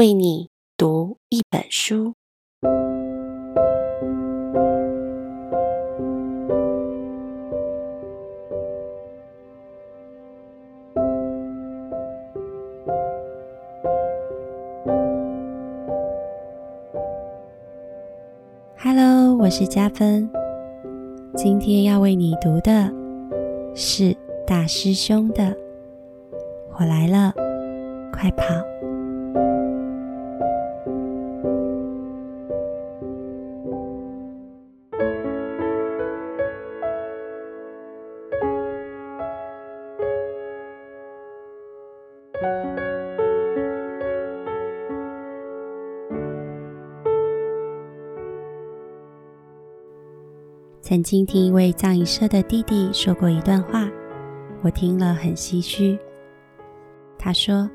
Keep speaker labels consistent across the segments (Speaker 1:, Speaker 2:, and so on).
Speaker 1: 為你讀一本書。Hello，我是家芬，今天要為你讀的是大師兄的《火來了，快跑》。曾經聽一位葬儀社的弟弟說過一段話，我聽了很唏噓。他說，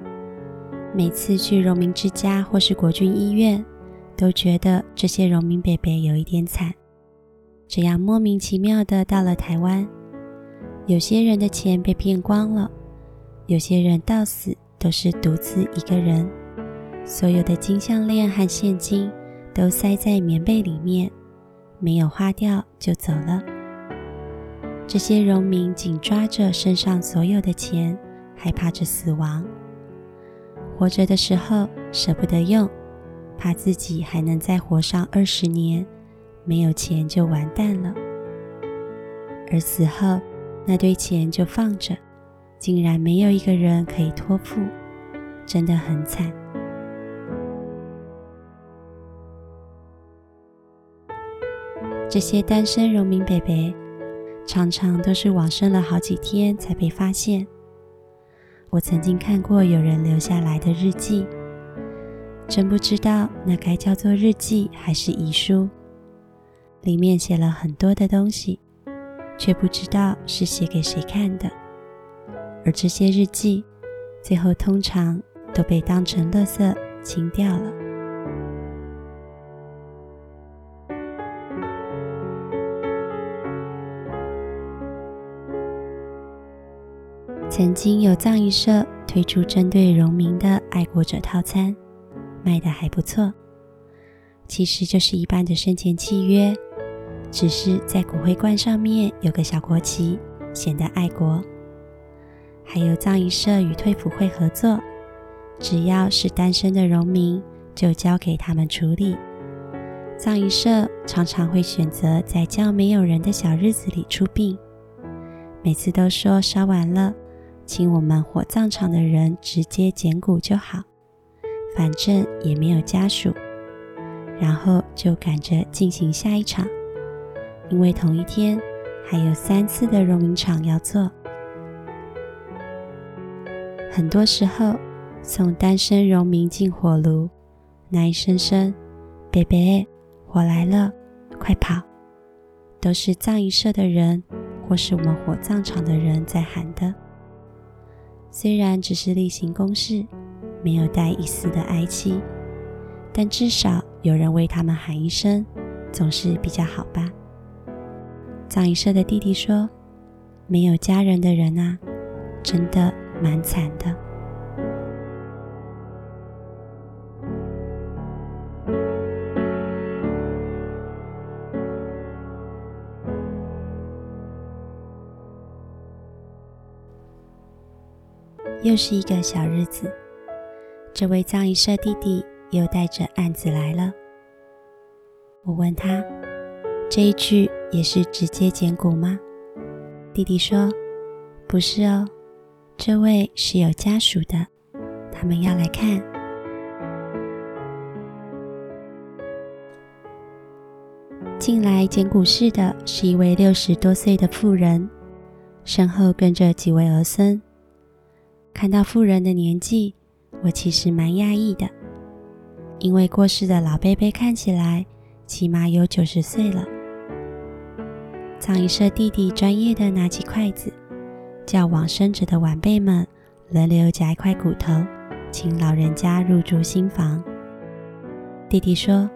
Speaker 1: 每次去榮民之家或是國軍醫院，都覺得這些榮民伯伯有一點慘，這樣莫名其妙的到了台灣，有些人的錢被騙光了，有些人到死都是獨自一個人，所有的金項鏈和現金都塞在棉被裡面。沒有花掉就走了。這些榮民緊抓着身上所有的錢，害怕着死亡。活着的時候舍不得用，怕自己還能再活上二十年，沒有錢就完蛋了。而死後，那堆錢就放着，竟然沒有一個人可以托付，真的很慘。這些單身榮民伯伯，常常都是往生了好幾天才被發現。我曾經看過有人留下來的日記，真不知道那該叫做日記還是遺書。裡面寫了很多的東西，卻不知道是寫給誰看的。而這些日記，最後通常都被當成垃圾清掉了。曾經有葬儀社推出針對榮民的愛國者套餐，賣得還不錯。其實就是一般的生前契約，只是在骨灰罐上面有個小國旗，顯得愛國。還有葬儀社與退輔會合作，只要是單身的榮民，就交給他們處理。葬儀社常常會選擇在較沒有人的小日子裡出殯，每次都說燒完了。請我們火葬場的人直接撿骨就好，反正也沒有家屬。然後就趕着進行下一場，因為同一天還有三次的榮民場要做。很多時候，送單身榮民進火爐，那一聲聲“北北，火來了，快跑”，都是葬儀社的人或是我們火葬場的人在喊的。雖然只是例行公事，沒有帶一絲的哀戚，但至少有人為他們喊一聲，總是比較好吧？葬儀社的弟弟說：“沒有家人的人啊，真的蠻慘的。”又是一個小日子，這位葬儀社弟弟又帶着案子來了。我問他：“這一具也是直接撿骨嗎？”弟弟說：“不是哦，這位是有家屬的，他們要來看。”進來撿骨室的是一位六十多歲的婦人，身後跟着幾位兒孫。看到富人的年紀，我其實蠻訝異的，因為過世的老伯伯看起來起碼有九十歲了。葬儀社弟弟專業的拿起筷子，叫往生者的晚輩們輪流夾一塊骨頭，請老人家入住新房。弟弟說：“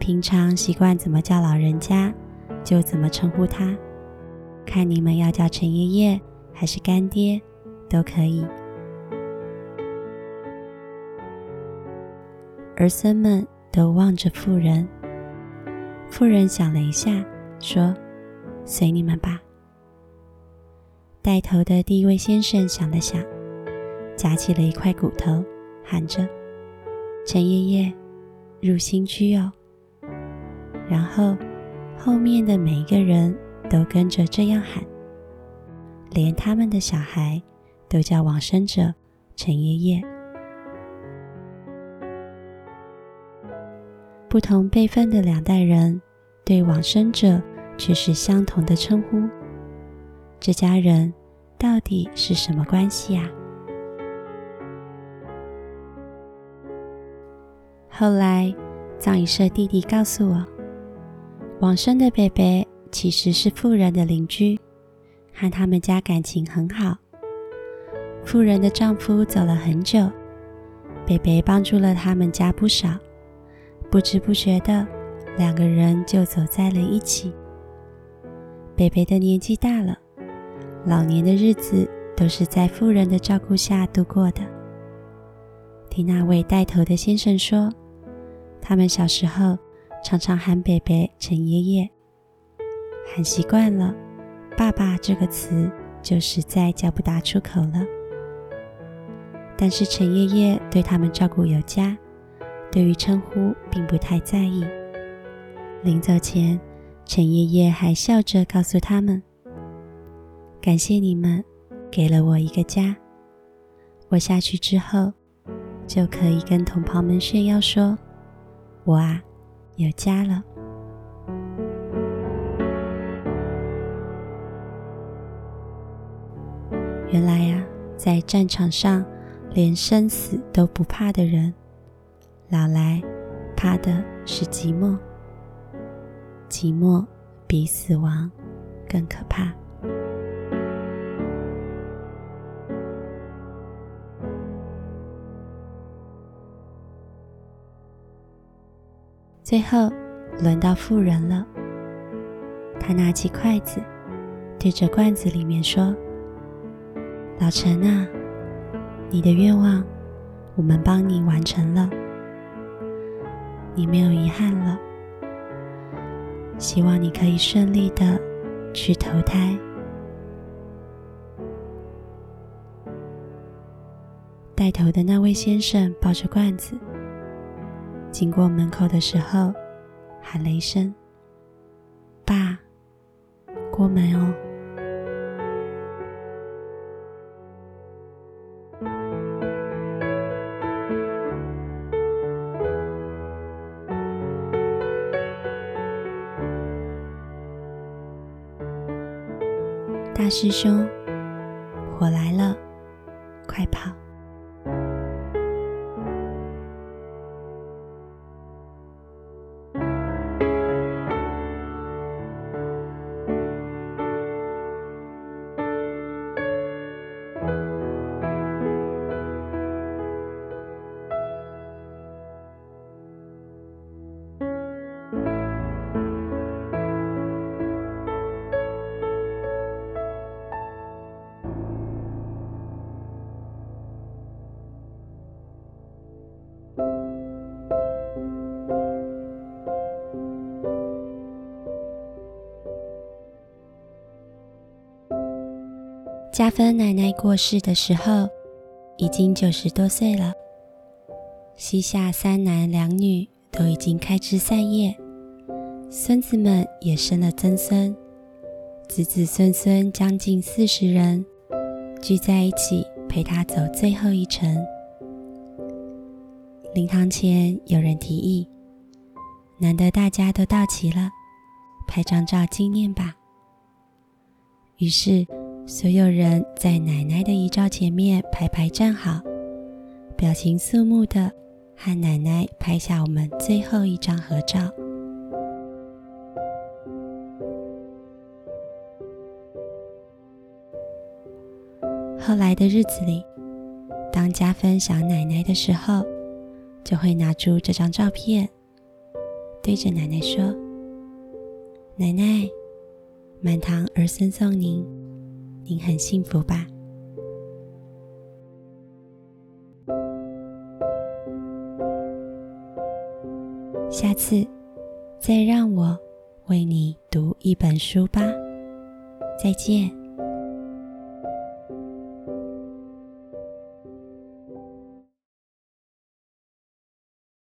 Speaker 1: 平常習慣怎麼叫老人家，就怎麼稱呼他。看你們要叫陳爺爺還是乾爹。”都可以。兒孫們都望着婦人，婦人想了一下，說：“隨你們吧。”帶頭的第一位先生想了想，夾起了一塊骨頭，喊着：“陳爺爺，入新居喲！”然後後面的每一個人都跟着這樣喊，連他們的小孩。都叫往生者陳爺爺。不同輩分的兩代人對往生者卻是相同的稱呼。這家人到底是什麼關係啊？後來葬儀社弟弟告訴我，往生的伯伯其實是富人的鄰居，和他們家感情很好。婦人的丈夫走了很久，北北幫助了他們家不少，不知不覺的，兩個人就走在了一起。北北的年紀大了，老年的日子都是在婦人的照顧下度過的。聽那位帶頭的先生說，他們小時候常常喊北北陳爺爺，喊習慣了，爸爸這個詞就實在叫不打出口了。但是陳爺爺對他們照顧有加，對於稱呼並不太在意。臨走前，陳爺爺還笑着告訴他們：“感謝你們，給了我一個家。我下去之後，就可以跟同袍們炫耀說，我啊，有家了。”原來呀、啊，在戰場上。連生死都不怕的人，老來怕的是寂寞。寂寞比死亡更可怕。最後輪到富人了，他拿起筷子，對着罐子裡面說：“老陳啊。”你的願望，我們幫你完成了，你沒有遺憾了。希望你可以順利地去投胎。帶頭的那位先生抱着罐子，經過門口的時候，喊了一聲：“爸，過門哦。”大師兄，我來了。家芬奶奶過世的時候，已經九十多歲了，膝下三男兩女都已經開枝散葉，孫子們也生了曾孫，子子孫孫將近四十人聚在一起陪他走最後一程。靈堂前有人提議，難得大家都到齊了，拍張照紀念吧。於是。所有人在奶奶的遺照前面排排站好，表情肅穆的和奶奶拍下我們最後一張合照。後來的日子裡，當家芬想奶奶的時候，就會拿出這張照片，對着奶奶說：“奶奶，滿堂兒孫送您。”你很幸福吧？下次再讓我為你讀一本書吧，再見。